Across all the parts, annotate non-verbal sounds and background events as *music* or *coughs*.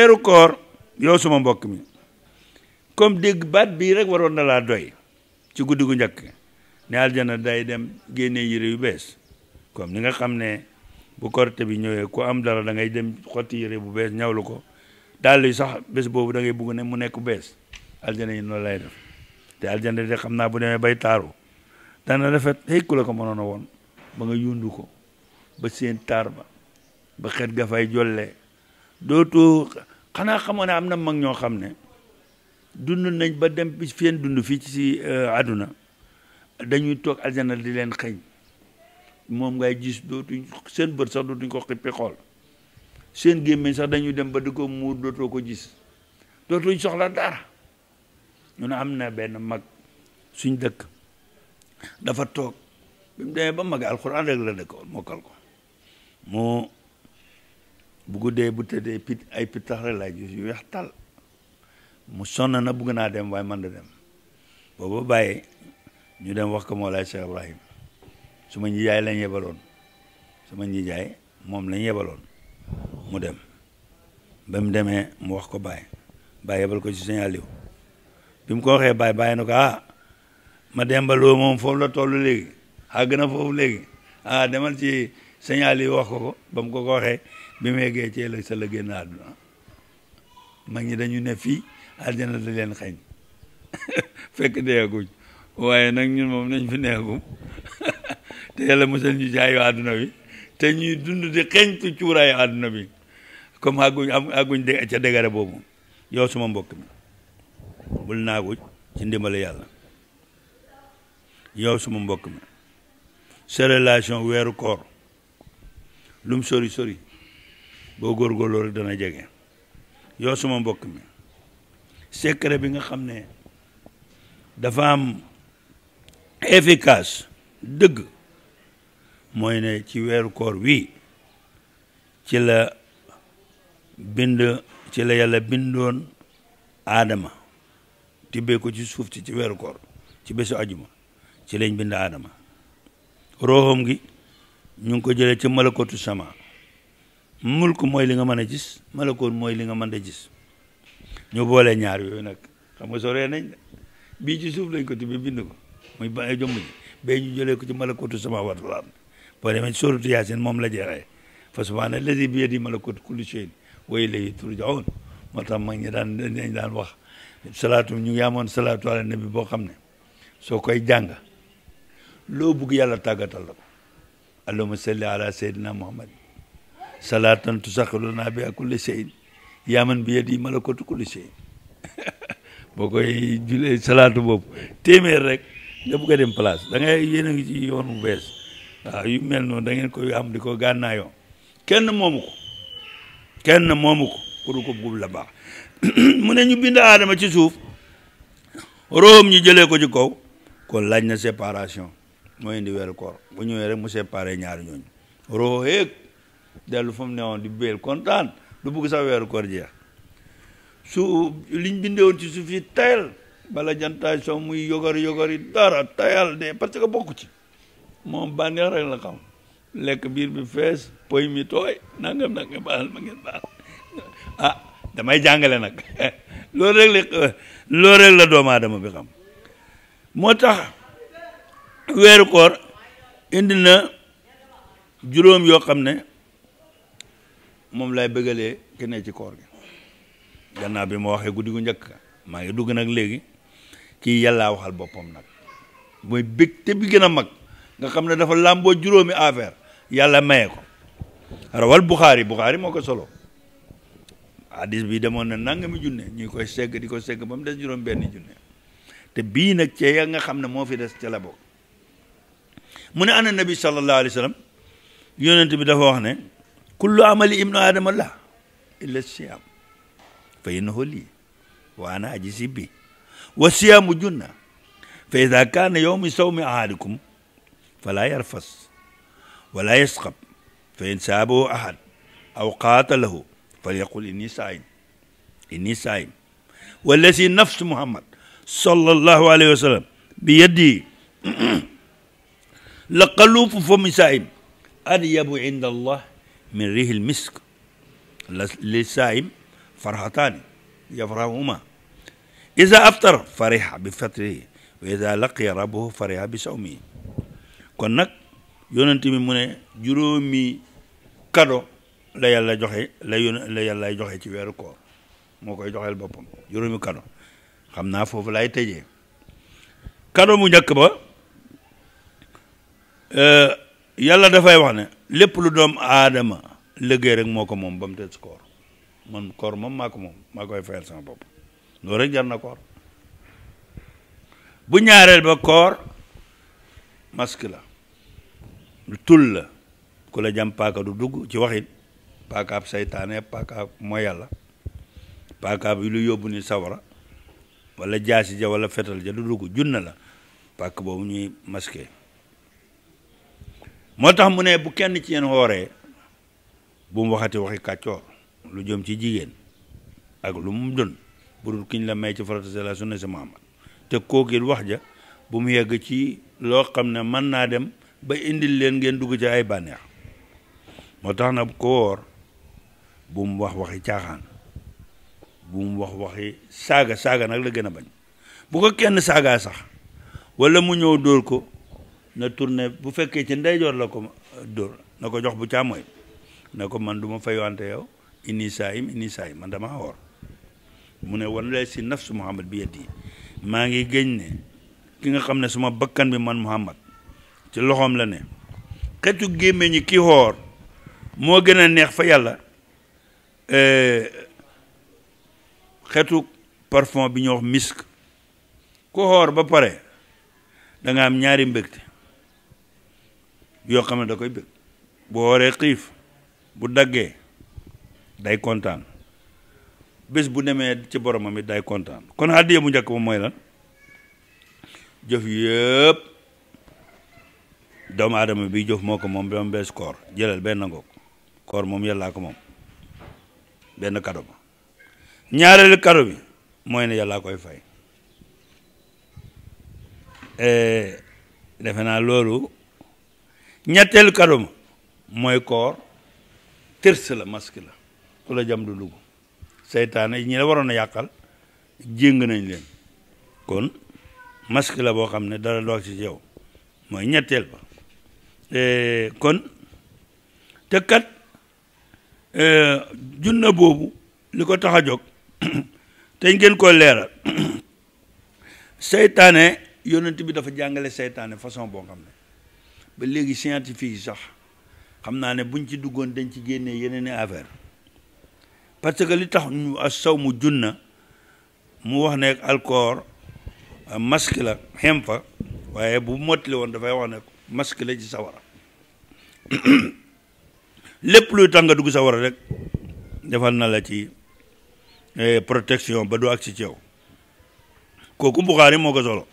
weeru koor yow suma mbokk mi comme dégg baat bii rek waroon na laa doy ci guddi gu njëkk ne aljana day dem génne yére yu bees comme ni nga xam ne bu korte bi ñëwee ku am dara da ngay dem xotti yére bu bees ñawlu ko dàll yi sax bés boobu dangay ngay bugg ne mu nekk bees aljana yi noonu lay def te aljana de xam naa bu demee bay taaru dana rafet xëy ku la ko mënoon a woon ba nga yundu ko ba seen taar ba ba xet ga jolle dootu xanaa xamoo ne am na mag ñoo xam ne dund nañ ba dem bi feen dund fii ci euh, àdduna dañuy toog aljana di leen xëñ moom ngay gis dootuñ seen bët sax dootuñ ko xippi xool seen gémmiñ sax dañuy dem ba di ko muur dootoo ko gis dootu soxla dara ñu ne am na benn mag suñ dëkk dafa toog ba mag alxuraan rek la dëkkoon mokkal ko bu guddee bu tëddee pit ay pittax rek laay gis yu weex tal mu sonn na bugg naa dem waaye man da dem booba bàyyee ñu dem wax ko Mawlaay Cheikh Ibrahim su ma njijaay lañ yebaloon su ma njijaay moom lañ yebaloon mu dem ba mu demee mu wax ko Baye Baye yebal ko ci Sëñ bim ko waxee Baye Baye na ko ah ma dembaloo moom foofu la toll léegi àgg a foofu léegi ah demal ci Sëñ Aliou wax ko ko ko ko waxee bi mu yeggee ci sa la génn àdduna mag ñi dañu ne fii àjjana leen xañ *laughs* fekk deeguñ waaye nag ñun moom nañ fi neegum *laughs* te yàlla musal ñu jaayu àdduna bi te ñuy dund di xeñtu cuuraayu àdduna bi comme àgguñ am àgguñ de ca dégare boobu yow suma mbokk mi bul naaguj ci ndimbali yàlla yow suma mbokk mi sa relation weeru koor lum sori sori boo góorgóorloo rek dana jege yoo suma mbokk mi secret bi nga xam ne dafa am efficace dëgg mooy ne ci weeru koor wii ci la bind ci la yàlla bindoon aadama tibbee ko ci suuf ci ci weeru koor ci bésu ajuma ci lañ bind aadama roxom gi ñu ngi ko jële ci malakotu sama mulk mooy li nga mën a gis malakoon mooy li nga mën a gis ñu boole ñaar yooyu nag xam nga soree nañ bii ji suuf lañ ko tibbee bind ko muy ba jëmm ji bee ñu jëlee ko ci malakootu sama wat wal ard boo demee suuratu Yaasin moom la jeexee fa subhaana lazi bi yadihi malakootu kulli shay'in wa ilayhi turja'un moo tax mag ñi daan dañ daan ñu ngi amoon salaatu ala nabi boo xam ne soo koy jàng loo bugg yàlla tàggatal la ko allahumma salli ala sayyidina muhammad salaatan tusaxiruna bi kulli shay'in yaa man bi yadi malakutu kulli shay'in *laughs* boo koy julee salaatu boobu téeméer rek nga bugg dem place da ngay yéen a ngi ci yoon bu bees yu mel noonu da ngeen koy am di ko gànnaayoo kenn moomu ko kenn moomu ko pour ko bugg la baax *clears throat* mu ne ñu bind aadama ci suuf room ñu jëlee ko ci kaw kon laaj na séparation mooy indi weeru koor bu ñëwee rek mu séparé ñaari ñooñu roo yeeg dellu fa mu newoon di béyal kontaan lu bugg sax weeru koor jeex su liñ bindewoon ci suuf si tayal bala jantaay muy yogori yogori dara tayal de parce que bokku ci moom bànneex rek la xam lekk biir bi fees poy mi tooy nangam nag nga baal ma ngeen baal *laughs* ah damay jàngale nag *laughs* loolu rek la doomu aadama bi xam moo tax weeru indi na juróom yoo xam ne moom lay bëggale ki ci koor gi gannaaw bi ma waxee guddi gu njëkk maa ngi dugg nag léegi kii yàllaa waxal boppam nag mooy bégte bi gën a mag nga xam ne dafa làmboo juróomi affaire yàlla maye ko rawal Buxaari Buxaari moo ko solo hadis bi demoon na nangami junne ñi koy segg di ko segg ba mu des juróom benn junne te bii nag cee ya nga xam ne moo fi des ca la bokk mu ne ana nabi sallallahu alayhi wa sallam yonent bi dafa wax ne kullu amali ibnu aadama la illa siyaam fa innahu lii wa ana ajisi bi wa siyaamu junna fa ida kaana yowmi sawmi ahadikum fala yarfas wala yasxab fa in saabahu ahad aw qaatalahu falyaqul inni saayim inni saayim wallazi nafsu muhammad sallallahu alayhi wa sallam bi yadihi la qaluufu fomi saayim adyabu inda allah min rihil misk lissaim farhataani yafrahuma ida aftar fariha bi fatrihi wa ida laqiya rabbuhu fariha bi sawmihi kon nag yonent bi mu ne juróomi kado la yàlla joxe la yón la yàlla joxe ci weeru koor moo koy joxeel boppam juróomi kado xam naa foofu laay tëjee kado mu njëkk ba euh, yàlla dafay wax ne lépp lu doom aadama liggéey rek moo ko moom ba mu des koor man koor moom maa ko moom maa koy fayal sama bopp loolu rek jar na koor bu ñaareel ba koor masque la lu tul la ku la jam paaka du dugg ci waxit paakaab saytaane paakaab mooy yàlla paakaab yi lu yóbbu ni sawara walla jaasi ja wala fetal ja du dugg junna la paak boobu ñuy masqué moo tax mu ne bu kenn ci yéen wooree bu mu waxati waxi kàccoor lu jëm ci jigéen ak lu mu dund bu dul kiñ la may ci farata la sunna si Muhammad te kookil wax ja bu mu yegg ci loo xam ne mën naa dem ba indil leen ngeen dugg ci ay bànneex moo tax na ko woor bu mu wax waxi caaxaan bu mu wax waxi saaga saaga nag la gën a bañ bu ko kenn saagaa sax walla mu ñëw dóor ko na tourné bu fekkee ci ndeyjoor la ko dóor na ko jox bu càmmooy na ko man du ma faywante yow inni saayim man dama woor mu ne wan lay si su muhammad bi yeddi maa ngi géñ ne ki nga xam ne suma bakkan bi man muhammad ci loxoom la ne xetu gémmiñi ki xoor moo gën a neex fa yàlla eh, xetu parfum bi ñuy wax misk ku xoor ba pare danga am ñaari mbégte yoo xam ne da koy bëgg bu waree xiif bu daggee day kontaan bés bu demee ci boromam it day kontaan kon àddiya bu njëkk ba mooy lan jëf yëpp doomu aadama bi jof moo ko moom ba mu benn ngoog koor moom yàllaa ko moom benn kado ba ñaareelu kado bi mooy ne yàllaa koy fay eh, defe naa loolu ñetteelu cadeau mooy koor tërs la masque la ku la jam du dugg seytaane ñi la waroon a yàqal jéng nañ leen kon masque la boo xam ne dara doog ci yow mooy ñetteel ba eh, kon te kat eh, junna boobu li ko tax a jóg *clears throat* te ngeen ko leeral *clears throat* seytaane yonent bi dafa jàngale seytaane façon boo xam ne ba léegi scientifique yi sax xam naa ne buñ ci duggoon dañ ci génnee yeneen i affaire parce que li tax saw mu junna mu wax ne al koor euh, masque la xem fa waaye bu mottali woon dafay wax ne masque la ci sawara *coughs* lépp luy tax nga dugg sawara rek defal na la ci eh, protection ba du ak ci yow kooku Buxaari moo ko solo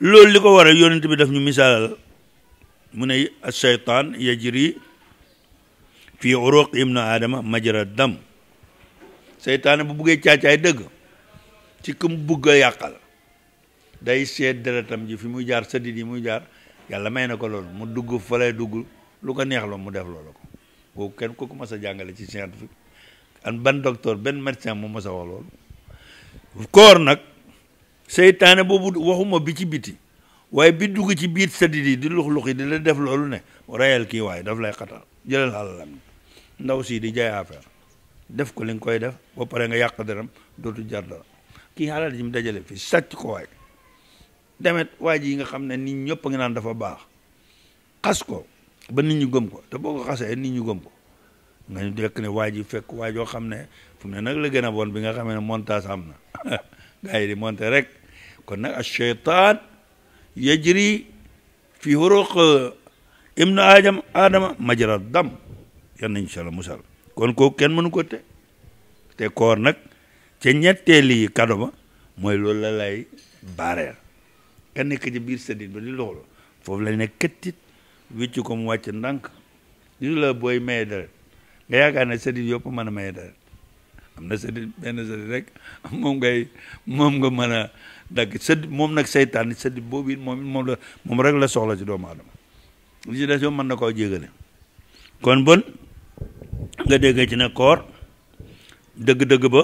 loolu li ko waral yonent bi daf ñu misaalal mu ne seytaan yajri fii uruq ibnu aadama majra dam seytaane bu buggee caacaay dëgg ci ku bugg a yàqal day seet deretam ji fi muy jaar sëddit yi muy jaar yàlla may na ko loolu mu dugg fa lay dugg lu ko neex loolu mu def ko boobu kenn ku ko mas a jàngale ci scientifique an ban docteur benn médecin mu mas a wax loolu koor nag seytaane boobu waxuma bi ci biti waaye bi dugg ci biir sëddit yi di lux-lux yi di la def loolu ne reyal kii waaye daf lay xatal jëlal alalam ndaw si di jaay affaire def ko li nga koy def ba pare nga yàq deram dootu jar dara kii alal ji mu dajale fii sàcc ko waay demet yi nga xam ne nit ñëpp a ngi naan dafa baax xas ko ba nit ñu gom ko te boo ko nit ñu gëm ko nga ñu dekk ne waa ji fekk waa joo xam ne fu mu ne nag la gën a bon bi nga xamee ne montage am na *laughs* gars yi di monté rek kon nag a cheytaan yajri fi huruq uh, ibnu aadam aadama majra dam yan nañ ci Yàlla musal kon ko kenn mënu ko te te koor nag ca ñetteeli kado ba mooy loolu la lay baareer nga nekk ci biir sadit ba di loxolo foofu la nekk këttit wicc ko mu wàcc ndànk li la booy maye deret nga yaakaar ne sadit yëpp mën a maye deret am na sadit benn sadit rek *laughs* moom moom nga mën dagg sëdd moom nag seytaan sëdd boobu it moom it moom la moom rek la soxla ci doomu aadama li ci des mën na koo jégale kon bon nga déggee ci ne koor dëgg-dëgg ba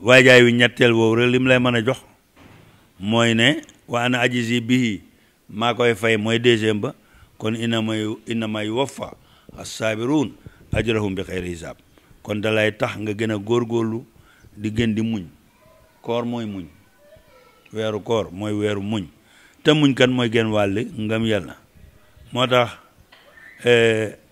waajaay wi ñetteel woowu rek lim lay mën a jox mooy ne wa ana ajisi bihi maa koy fay mooy deuxième ba kon innamay innamay waffa as-saabiruun ajrahum bi xayri hisaab kon dalay tax nga gën a góorgóorlu di gën di muñ koor mooy muñ weeru koor mooy weeru muñ te muñ kan mooy genn wàlli ngam yàlla moo tax eh,